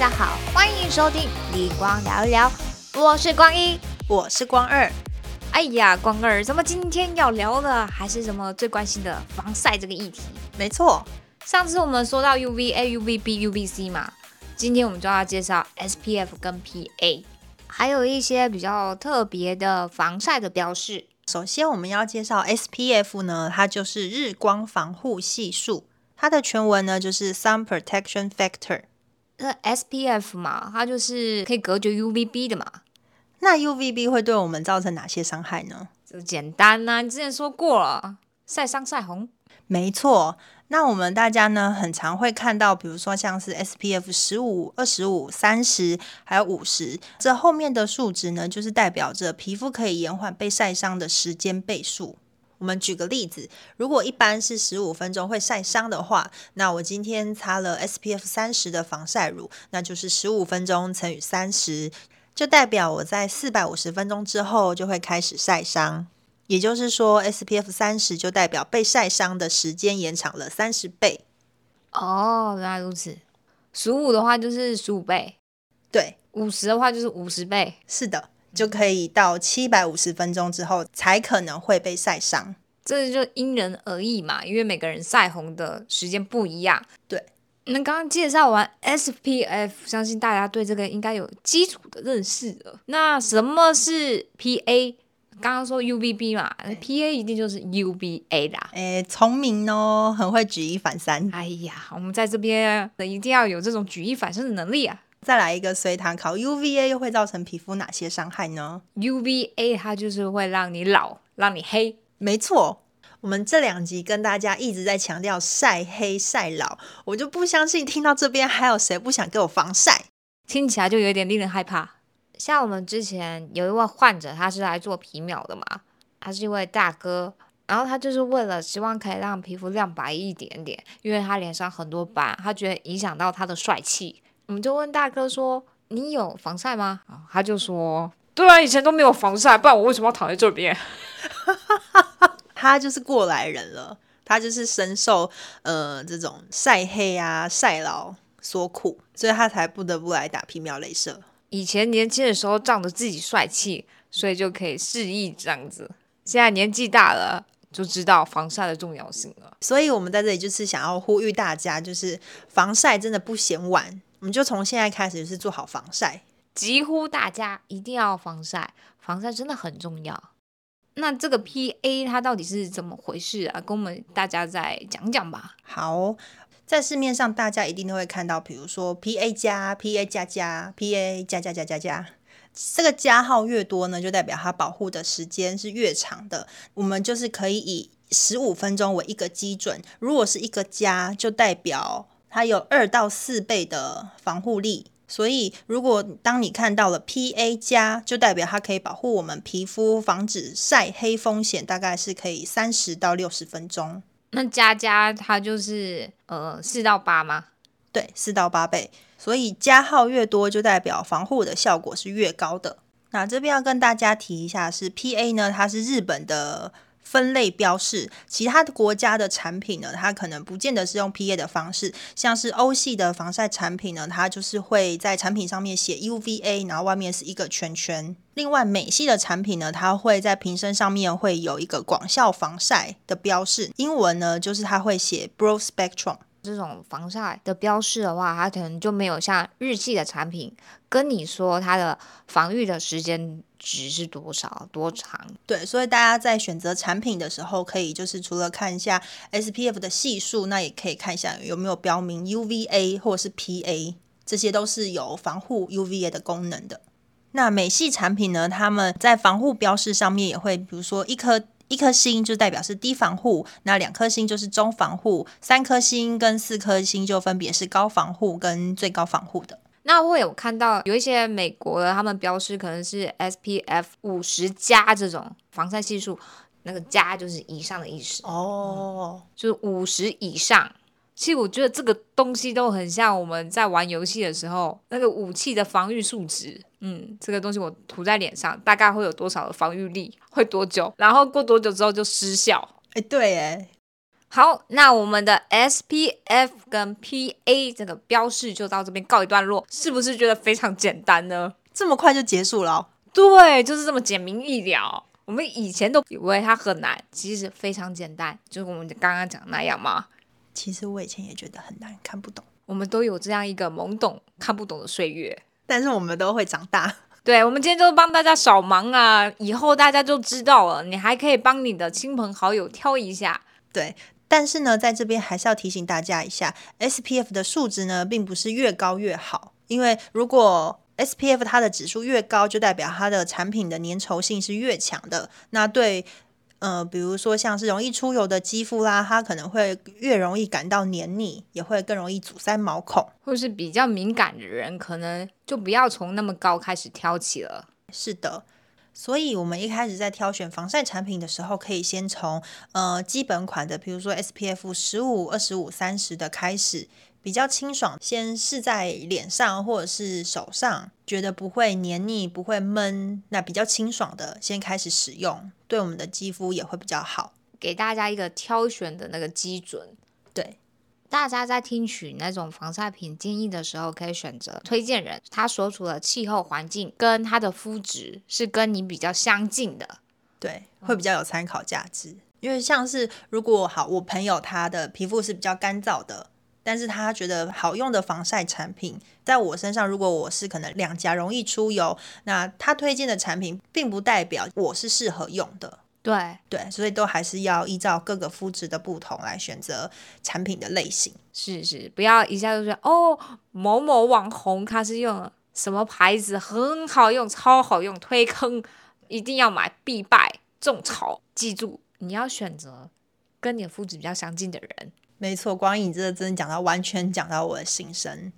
大家好，歡迎收聽《立光聊一聊》，我是光一，我是光二。哎呀，光二，怎麼今天要聊的還是什麼最關心的防曬這個議題？沒錯，上次我們說到 UVA、UVB、UVC 嘛，今天我們就要介紹 SPF 跟 PA，還有一些比較特別的防晒的標示。首先，我們要介紹 SPF 呢，它就是日光防護係數，它的全文呢就是 Sun Protection Factor。那 SPF 嘛，它就是可以隔絕 UVB 的嘛。那 UVB 會對我們造成哪些傷害呢？就簡單吶、啊，你之前說過了，曬傷、曬紅，沒錯。那我們大家呢，很常會看到，比如說像是 SPF 十五、二十五、三十，還有五十，這後面的數值呢，就是代表着皮膚可以延緩被曬傷的時間倍數。我們舉個例子，如果一般是十五分鐘會曬傷的話，那我今天擦了 SPF 三十的防曬乳，那就是十五分鐘乘以三十，就代表我在四百五十分鐘之後就會開始曬傷。也就是說，SPF 三十就代表被曬傷的時間延長了三十倍。哦，原來如此。十五的話就是十五倍，對，五十的話就是五十倍，是的。就可以到七百五十分鐘之後才可能會被曬傷，這就因人而異嘛，因為每個人曬紅的時間不一樣。對，那剛剛介紹完 SPF，相信大家對這個應該有基礎的認識了。那什麼是 PA？剛剛說 UVB 嘛，PA 一定就是 UVA 啦。誒、欸，聰明哦，很會舉一反三。哎呀，我們在這邊一定要有這種舉一反三的能力啊。再來一個隨堂考，UVA 又會造成皮膚哪些傷害呢？UVA 它就是會讓你老，讓你黑。沒錯，我們這兩集跟大家一直在強調曬黑曬老，我就不相信聽到這邊還有誰不想給我防曬。聽起來就有點令人害怕。像我們之前有一位患者，他是來做皮秒的嘛，他是一位大哥，然後他就是為了希望可以讓皮膚亮白一點點，因為他臉上很多斑，他覺得影響到他的帥氣。我們就問大哥說：“你有防曬嗎？”哦，他就說：“對啊，以前都沒有防曬，不然我為什麼要躺在這邊？”他就是過來人了，他就是深受呃這種曬黑啊、曬老所苦，所以他才不得不來打皮秒、鐳射。以前年輕的時候仗着自己帥氣，所以就可以肆意這樣子。現在年紀大了，就知道防曬的重要性了。所以我們在這裡就是想要呼籲大家，就是防曬真的不嫌晚。我們就從現在開始，是做好防曬，幾乎大家一定要防曬，防曬真的很重要。那這個 PA 它到底是怎麼回事啊？跟我們大家再講講吧。好，在市面上大家一定都會看到，比如說 PA 加、PA 加加、PA 加加加加加，這個加號越多呢，就代表它保護的時間是越長的。我們就是可以以十五分鐘為一個基準，如果是一個加，就代表。它有二到四倍的防護力，所以如果當你看到了 PA 加，就代表它可以保護我們皮膚，防止曬黑風險，大概是可以三十到六十分鐘。那加加它就是呃四到八嗎？對，四到八倍，所以加號越多，就代表防護的效果是越高的。那這邊要跟大家提一下是，是 PA 呢，它是日本的。分類標示，其他的國家的產品呢，它可能不見得是用 P A 的方式，像是歐系的防曬產品呢，它就是會在產品上面寫 U V A，然後外面是一個圈圈。另外美系的產品呢，它會在瓶身上面會有一個廣效防曬的標示，英文呢就是它會寫 Broad Spectrum。這種防晒的標示的話，它可能就沒有像日系的產品跟你說它的防御的時間值是多少多長。對，所以大家在選擇產品的時候，可以就是除了看一下 SPF 的係數，那也可以看一下有沒有標明 UVA 或者是 PA，這些都是有防護 UVA 的功能的。那美系產品呢，它們在防護標示上面也會，比如說一顆。一顆星就代表是低防護，那兩顆星就是中防護，三顆星跟四顆星就分別是高防護跟最高防護的。那我有看到有一些美國的，他們標示可能是 SPF 五十加這種防曬係數，那個加就是以上的意思哦、oh. 嗯，就是五十以上。其實我覺得這個東西都很像我們在玩遊戲的時候那個武器的防禦數值，嗯，這個東西我塗在臉上大概會有多少的防禦力，會多久，然後過多久之後就失效。哎、欸，對，哎，好，那我們的 SPF 跟 PA 這個標示就到這邊告一段落，是不是覺得非常簡單呢？這麼快就結束了、哦？對，就是這麼簡明易瞭。我們以前都以為它很難，其實非常簡單，就是我們剛剛講的那樣嘛。其實我以前也覺得很難，看不懂，我們都有這樣一個懵懂，看不懂的歲月，但是我們都會長大。對，我們今天就幫大家掃盲啊，以後大家就知道了。你還可以幫你的親朋好友挑一下。對，但是呢，在這邊還是要提醒大家一下，SPF 的數值呢，並不是越高越好，因為如果 SPF 它的指數越高，就代表它的產品的粘稠性是越強的。那對。呃，比如說像是容易出油的肌膚啦，它可能會越容易感到黏膩，也會更容易阻塞毛孔。或是比較敏感的人，可能就不要從那麼高開始挑起了。是的，所以我們一開始在挑選防曬產品的時候，可以先從呃基本款的，比如說 SPF 十五、二十五、三十的開始，比較清爽，先試在臉上或者是手上，覺得不會黏膩、不會悶，那比較清爽的，先開始使用。對我們的肌膚也會比較好，給大家一個挑選的那個基準。對，大家在聽取那種防曬品建議的時候，可以選擇推薦人，他所處的氣候環境跟他的膚質是跟你比較相近的，對，會比較有參考價值。嗯、因為像是如果好，我朋友他的皮膚是比較乾燥的。但是他覺得好用的防曬產品，在我身上，如果我是可能兩頰容易出油，那他推薦的產品，並不代表我是適合用的。對對，所以都還是要依照各個膚質的不同來選擇產品的類型。是是，不要一下就說哦，某某網紅他是用什麼牌子很好用，超好用，推坑一定要買，必敗種草。記住，你要選擇跟你的膚質比較相近的人。沒錯，光影這真的講到完全講到我的心聲。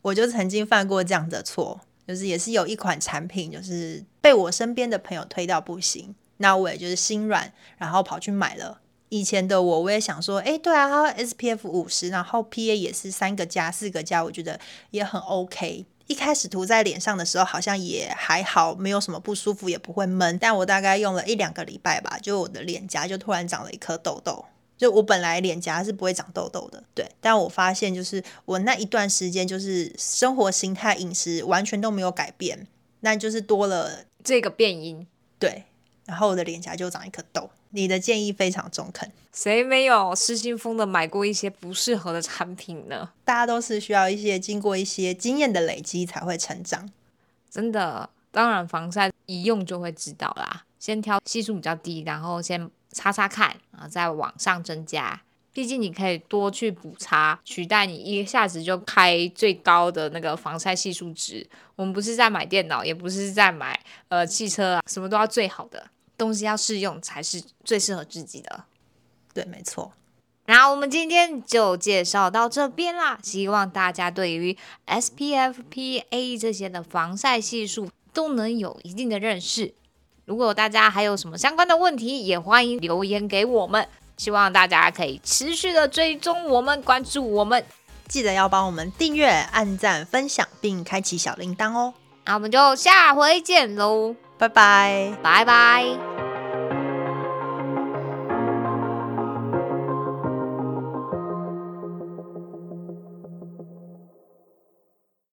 我就曾經犯過這樣的錯，就是也是有一款產品，就是被我身邊的朋友推到不行，那我也就是心軟，然後跑去買了。以前的我，我也想說，誒、欸、對啊，SPF 五十，SPF50，然後 PA 也是三個加四個加，我覺得也很 OK。一開始塗在臉上的時候，好像也還好，沒有什麼不舒服，也不會悶。但我大概用了一兩個禮拜吧，就我的臉頰就突然長了一顆痘痘。就我本來臉頰是不會長痘痘的，對，但我發現就是我那一段時間就是生活形態、飲食完全都沒有改變，那就是多了這個變因。對，然後我的臉頰就長一顆痘。你的建議非常中肯，誰沒有失心瘋的買過一些不適合的產品呢？大家都是需要一些經過一些經驗的累積才會成長，真的。當然，防曬一用就會知道啦，先挑係數比較低，然後先。擦擦看，然後再往上增加，畢竟你可以多去補擦，取代你一下子就開最高的那個防曬係數值。我們不是在買電腦，也不是在買呃汽車啊，什麼都要最好的東西，要試用才是最適合自己的。對，沒錯。然後我們今天就介紹到這邊啦，希望大家對於 SPF、PA 這些的防曬係數都能有一定的認識。如果大家還有什麼相關的問題，也歡迎留言給我們。希望大家可以持續的追蹤我們、關注我們，記得要幫我們訂閱、按讚、分享，並開啟小鈴鐺哦。那我們就下回見嘍，拜拜，拜拜。